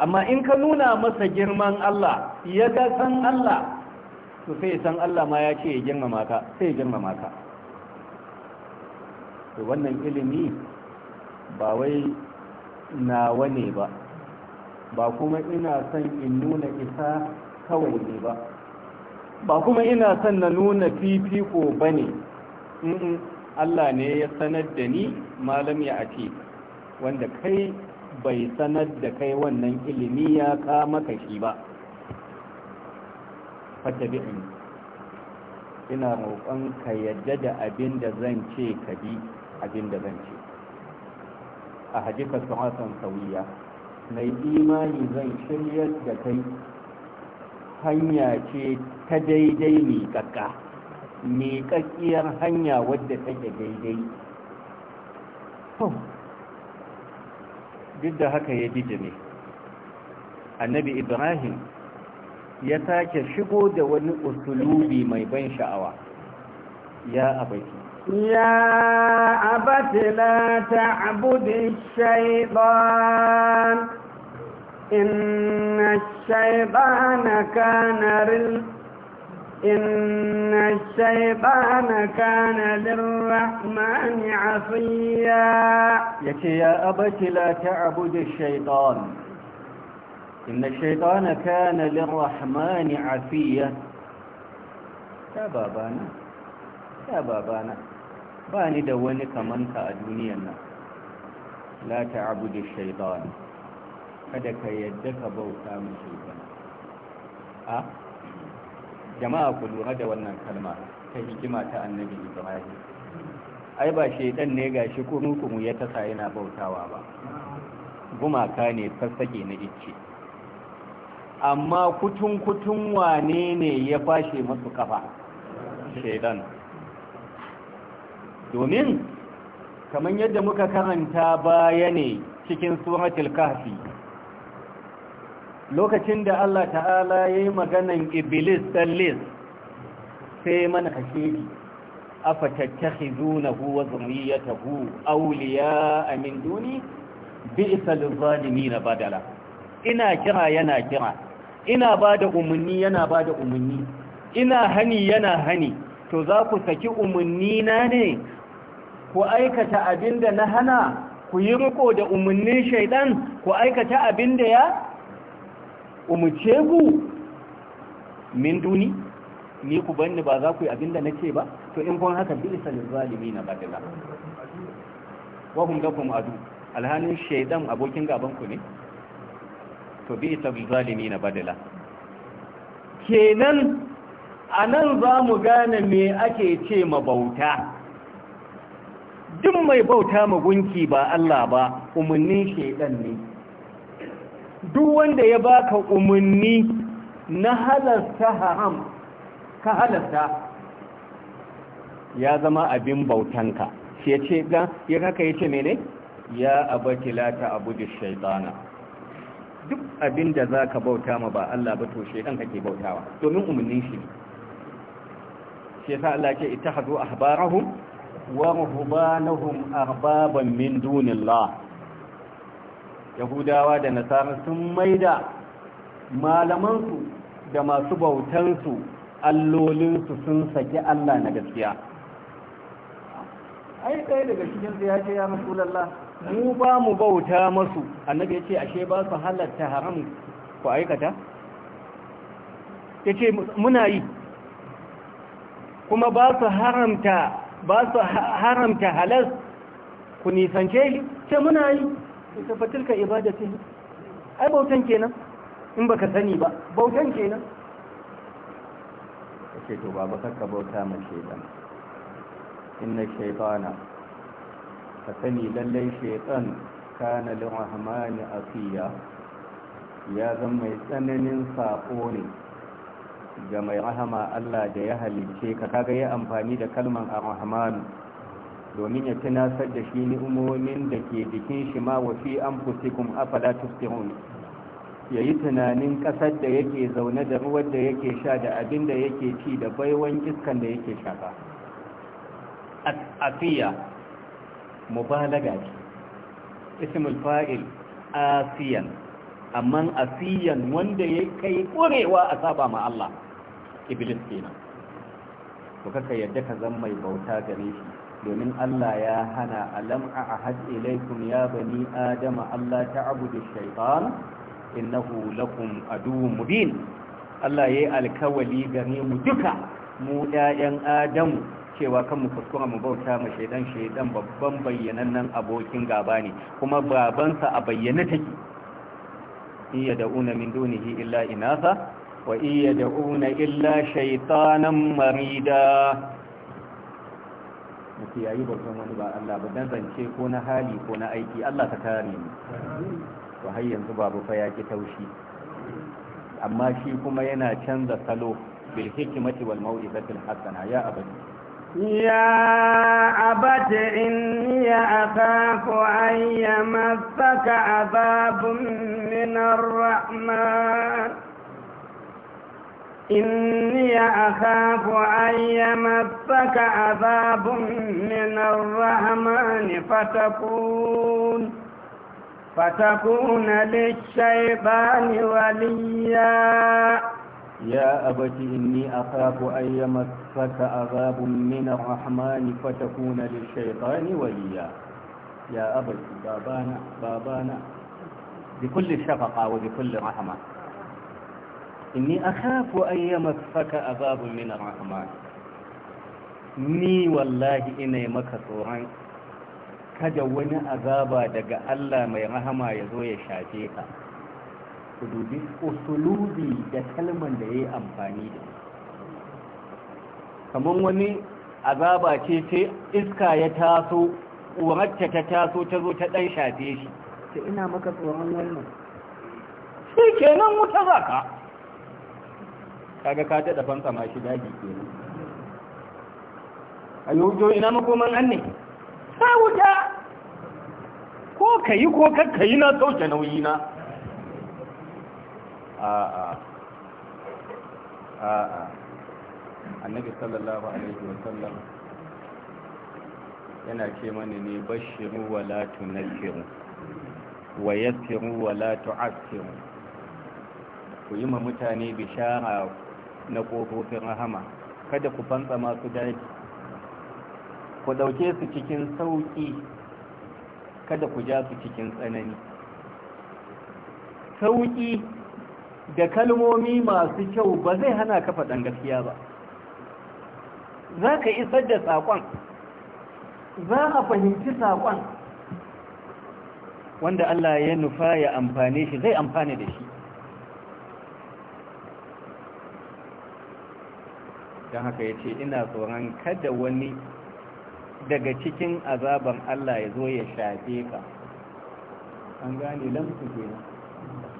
amma in ka nuna masa girman Allah ya ga san Allah to sai san Allah ma ya ce ya girmama ka sai ya girmama ka to wannan ilimi ba wai nawa ne ba ba kuma ina son in nuna isa kawai ne ba ba kuma ina son na nuna fifiko ba ne Allah ne ya sanar da ni malam ya ake wanda kai bai sanar da kai wannan ilimi ya ka maka shi ba fattabi'in ina roƙon ka yadda da abin da zan ce ka bi abin da zan ce a hajjika suhasan sauya mai imani zan shiryar da kai hanya ce ta daidai miƙaƙƙa miƙaƙƙiyar hanya wadda take daidai duk da haka ya bijime annabi ibrahim ya sake shigo da wani usulubi mai ban sha'awa ya abaki يا أبت لا تعبد الشيطان إن الشيطان كان لل إن الشيطان كان للرحمن عصيا يتي يا أبت لا تعبد الشيطان إن الشيطان كان للرحمن عفيا يا بابانا يا بابانا باني دونك كمانك أدنيا لا تعبد الشيطان هذا ka بوكام ka bauta jama'a ku lura da wannan kalma ta hikima ta annabi ibrahim ai ba shaidan ne gashi kunu ya tasa yana bautawa ba gumaka ne sassake na icce amma kutun-kutun wane ne ya fashe masu kafa shaidan domin kamar yadda muka karanta baya ne cikin suratul kahfi lokacin da Allah ta'ala ya yi maganan iblis ɗan lis sai mana huwa afa ya tafi auliya a min duni bi'sa na badala ina kira yana kira ina ba da umarni, yana ba da umarni. ina hani yana hani to za ku saki umarni na ne ku aikata abin da na hana ku yi riko da umarnin shaidan ku aikata abin da ya umuce ku min duni ni ku banni ba za ku yi abinda na ce ba to in kun haka bi isa zalimi na badala wa kun ga kuma adu alhanin shaidan abokin gaban ku ne to bi isa zalimi na badala kenan a nan za mu gane me ake ce ma bauta duk mai bauta ma gunki ba Allah ba umarnin shaidan ne duk wanda ya baka umarni na halasta haram ka halasta ya zama abin bautanka shi ya ce ga ya kaka ya ce mene ya abaki lata abu da shaitana duk abin da za ka bauta ma ba Allah ba to shaitan kake bautawa domin umarnin shi shi ya sa Allah ce ita hazo a habarahun wa rahubanahun arbaban min dunillah yahudawa da nasara sun maida malamansu da masu bautansu allolinsu sun saki allah na gaskiya ai ɗaya daga cikinsu ya ce ya rasulallah mu ba mu bauta masu annabi ya ce ashe ba su halatta haram ku aikata ya ce muna yi kuma ba su haramta ba su haramta halas ku nisance shi ce muna yi ita fa tilka ibadati ai bautan kenan in baka sani ba bautan kenan kace to baba kakka bauta ma shaytan inna shaytana ka sani lallai shaytan kana rahmani afiya ya zama mai tsananin sako ne ga mai rahama Allah da ya halicce ka kaga ya amfani da kalman ar-rahmanu domin ya tunasar da shi ni'umomin da ke jikin shi ma wa fi anfusikum afala ya yi tunanin ƙasar da yake zaune da ruwan da yake sha da abin da yake ci da baiwan iskan da yake shafa asiya mubalaga ce ismul fa'il asiyan amma asiyan wanda ya kai ƙurewa a saba ma Allah iblis kenan ku kaka yadda ka zan mai bauta gare shi domin Allah ya hana alam ahad ilaikum ya bani adama Allah ta'budu shaytan innahu lakum aduwwun mubin Allah yayi alkawali game mu duka mu ɗayan adamu cewa kan mu kuskura mu bauta ma shaidan shaidan babban bayyanannen abokin gaba ne kuma babansa a bayyana take iya una min dunihi illa inasa wa iya una illa shaitanan marida mu kiyayi bautan wani ba Allah ba dan zance ko na hali ko na aiki Allah ka kare mu to har yanzu babu fa ya ki taushi amma shi kuma yana canza salo bil hikmati wal mau'izati al hasana ya abadi يا أبت إني أخاف أن يمسك عذاب من Rahman. إني أخاف أن يمسك عذاب من الرحمن فتكون فتكون للشيطان وليا يا أبت إني أخاف أن يمسك عذاب من الرحمن فتكون للشيطان وليا يا أبت بابانا بابانا بكل شفقة وبكل رحمة inni akhafu an yamassaka azabun min ar-rahman ni wallahi ina maka tsoron kada wani azaba daga Allah mai rahama ya zo ya shafe ka ku dubi usulubi da kalman da ya yi amfani da kamar wani azaba ce ce iska ya taso wacce ta taso ta zo ta ɗan shafe shi ta ina maka tsoron wannan shi kenan wuta za ka kaga ka daɗa fanka ma shi daji ke a yau ina makoman an ne sa wuta ko ka yi ko kakka yi na sauke nauyi na a'a a'a annabi sallallahu alaihi wasallam yana ce mani ne bashiru wa la tunashiru wa yassiru wa la ku yi ma mutane bishara na ƙofofin rahama kada ku fantsa masu daji ku ɗauke su cikin sauƙi kada ku ja su cikin tsanani sauƙi da kalmomi masu kyau ba zai hana kafa ɗan gaskiya ba za ka isar da saƙon za a fahimci saƙon wanda Allah ya nufa ya amfane shi zai amfane da shi don haka ya ce ina tsoron kada wani daga cikin azaban Allah ya zo ya shafe ka an gane lamsu ke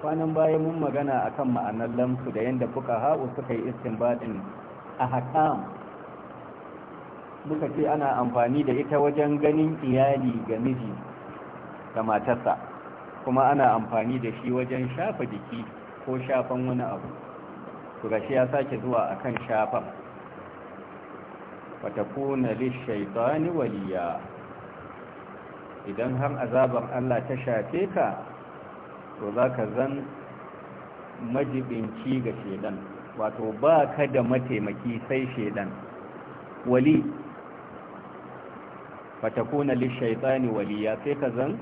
kwanan bayan mun magana a kan ma'anar lamsu da yadda fuka haɓu suka yi baɗin a haƙam muka ce ana amfani da ita wajen ganin iyali ga miji da matarsa kuma ana amfani da shi wajen shafa jiki ko shafan wani abu to shi ya sake zuwa akan shafan fatakuna lishaitani waliya idan har azabar Allah ta shafe ka to za ka zan majibinci ga shaidan wato ba ka da mataimaki sai shaidan wali fatakuna lishaitani waliya sai ka zan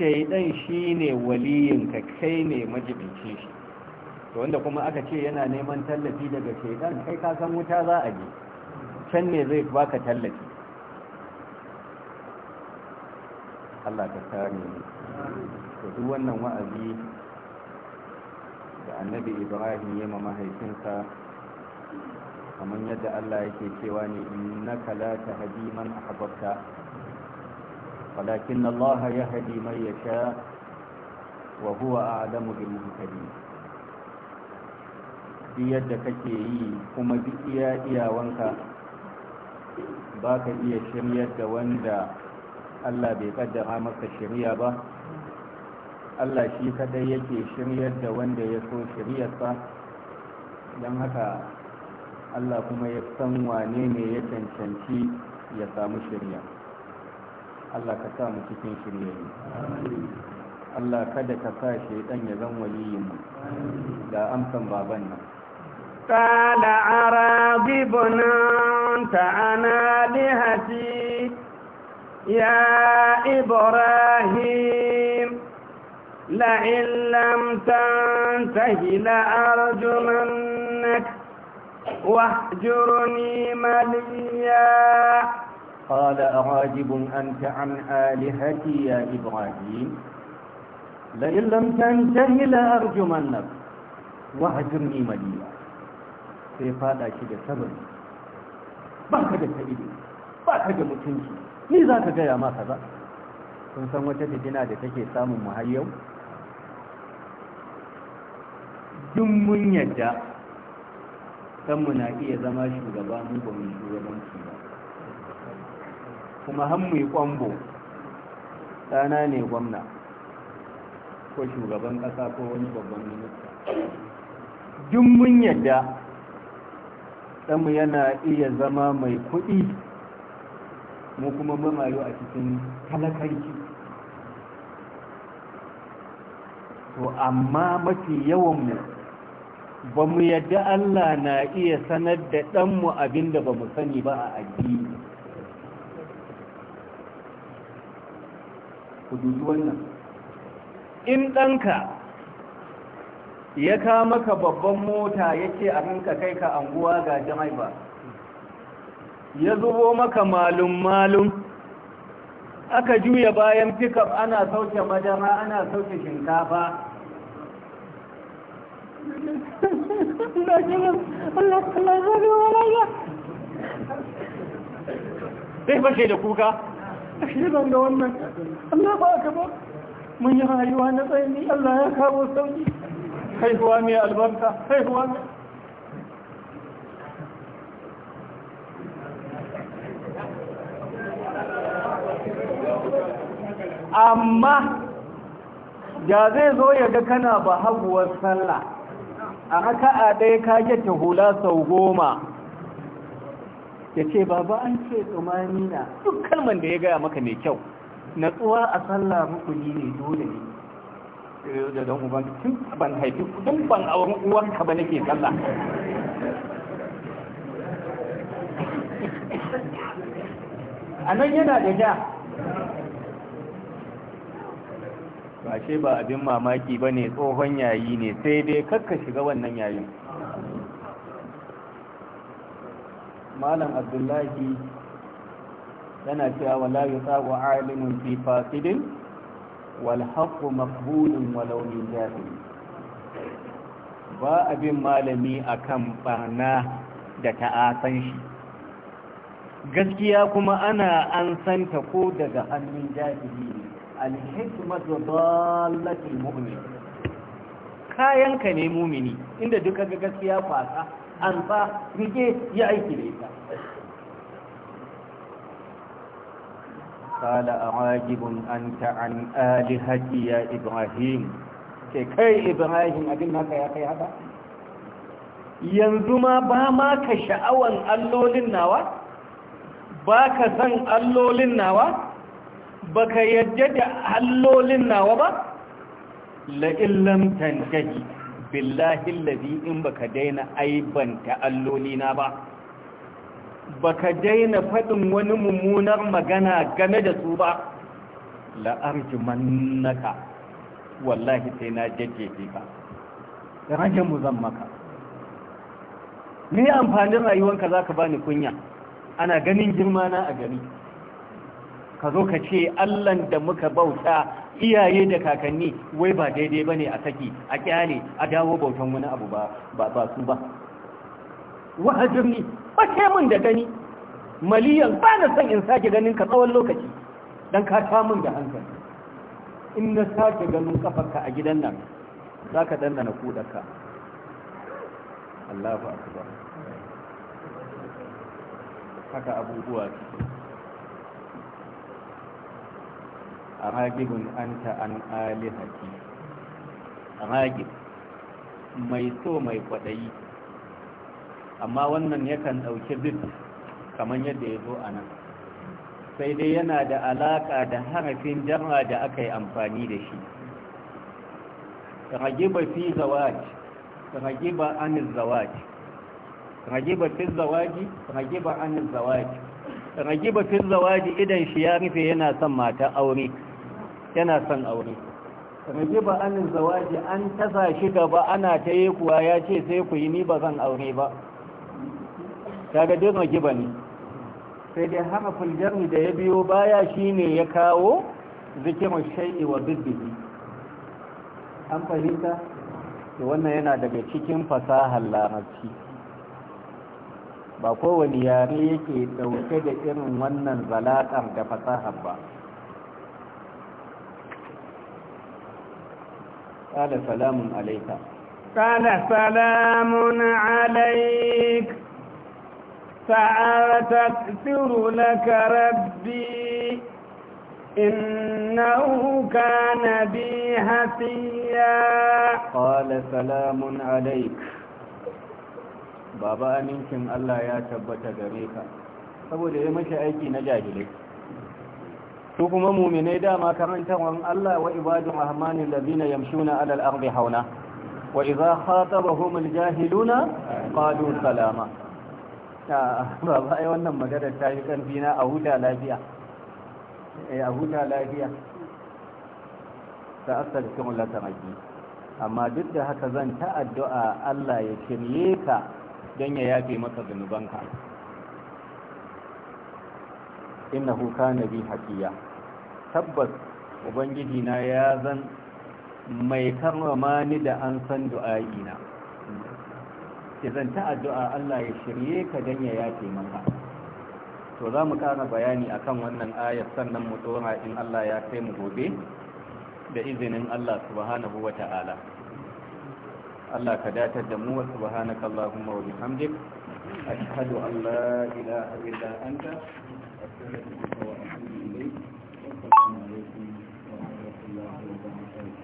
shaidan shine waliyinka kai ne majibinci shi to wanda kuma aka ce yana neman tallafi daga shaidan kai ka san wuta za a je can ne zai baka tallafi Allah ka kare ni to duk wannan wa'azi da annabi ibrahim ya ma mahaifinsa kamar yadda Allah yake cewa ne innaka la tahdi man ahbabta walakin Allah yahdi man yasha wa huwa a'lamu bil muhtadin yadda kake yi kuma duk iya iyawanka ba ka iya shiryar da wanda Allah bai kaddara maka shirya ba Allah shi kadai yake shiryar da wanda ya so shiryarsa don haka Allah kuma ya san wane ne ya cancanci ya samu shirya Allah ka sa mu cikin ne Allah kada ka sa shaidan ya zan waliyinmu da amsan baban nan قال أراغب عن آلهتي يا إبراهيم لئن لم تنته لأرجمنك واهجرني مليا قال أراجب أنت عن آلهتي يا إبراهيم لئن لم تنته لأرجمنك واهجرني مليا في هذا shi da ba ka da tarihi ba ka da mutunci ni za ka gaya ma kaza kun san wata fitina da take samun mu har yau duk mun yadda kanmu na iya zama shugaba mu ba mu shugabanci ba kuma har mu yi kwambo ɗana ne gwamna ko shugaban ƙasa ko wani babban minista duk mun yadda ɗanmu yana iya zama mai kuɗi mu kuma mamayo a cikin talakarki to amma mafi yawanmu ba mu yadda Allah na iya sanar da ɗanmu abinda ba mu sani ba a addini ku dubi wannan in ɗanka ya ka maka babban mota ya ce a rinka kai ka anguwa ga ba ya zubo maka malum-malum aka juya bayan pickup ana sauke madara ana sauke shinkafa zai fashe da kuka ashe ban da wannan Allah ba ka ba mun yi rayuwa na tsayin Allah ya kawo sauki haihuwa mai albarka haihuwa amma da zai zo ya ga kana ba haguwar sallah a haka a ɗaya kage ta hula sau goma ya ce baba an ce tsumani na duk kalman da ya gaya maka mai kyau natsuwa a sallah rukuni ne dole ne da don uban tun ban haifi tun ban auren uwanka ba nake sallah a nan yana da ja shi ba abin mamaki ba ne tsohon yayi ne sai dai kakka shiga wannan yayin malam abdullahi yana cewa wala yutsagu alimun fi fasidin والحق مقبول ولو من جاهل با ابن malami akan barna da ta'asan shi gaskiya kuma ana an santa ko daga hannun jahili alhikmatu dallati mu'min kayan ka ne mumini inda duka ga gaskiya kwasa an ba rike ya aiki da ita قال أعاجب أنت عن آلهتي يا إبراهيم كي إبراهيم أبنها كي أخي هذا yanzu ma ba ma ka sha'awan allolin nawa ba ka san allolin nawa ba ka yadda da allolin nawa ba la'illam tantahi in ba ka daina aibanta allolina ba baka daina faɗin wani mummunar magana game da su ba la'arjuman naka wallahi sai na jajjefe ba. rage mu zan maka ni amfanin rayuwanka za ka bani kunya ana ganin girma na a gari ka zo ka ce allan da muka bauta iyaye da kakanni wai ba daidai ba ne a saki a kyale a dawo bautan wani abu ba su ba wahajin fashe min da gani maliyan ba na son in sake ganin ka tsawon lokaci don ka ta min da hankali in na sake ganin kafarka a gidan nan za ka dandana Allah Allahu akbar haka abubuwa a ragibin an ta an a ragib mai so mai kwaɗayi amma wannan yakan ɗauki bit kamar yadda ya zo a nan sai dai yana da alaƙa da harafin jarra da aka yi amfani da shi ragiba fi zawaj ragiba an zawaj ragiba fi zawaji ragiba an zawaji ragiba fi zawaji idan shi ya rufe yana son mata aure yana son aure ragiba an zawaji an tasa shi gaba ana ta yi kuwa ya ce sai ku yi ni ba zan aure ba kaga dai giba ne sai dai harafin jarmi da ya biyo baya shine ya kawo zikirin shai'i wa bibbihi an fahimta da wannan yana daga cikin fasahar larabci ba kowane yare yake dauke da irin wannan zalaƙar da fasahar ba قال salamun alaika. قال salamun alaika سأستغفر لك ربي إنه كان بي حفيا قال سلام عليك بابا أمينكم الله يا تبت غريكا saboda ya mashi aiki na jahilai su kuma muminai dama karantawan Allah wa ibadun rahmanin lazina yamshuna alal ardi hauna wa idza khatabahum aljahiluna qalu salama ta ba ai wannan magana ta yi ƙarfi na a huta lafiya ai eh, a huta lafiya ta asali kuma amma duk da haka zan ta addu'a Allah ya kirye ka don ya yafe maka zunubanka innahu na bi hakiya tabbas ubangiji na ya zan mai karrama ni da an san du'a'ina ki zanta addu'a Allah ya shirye ka dan ya yafe maka to za mu ƙara bayani akan wannan ayar sannan mu tsora in Allah ya kai mu gobe da izinin Allah subhanahu wa ta'ala Allah ka datar da mu wa subhanaka Allahumma wa bihamdik ashhadu an la ilaha illa anta astaghfiruka wa atubu ilayk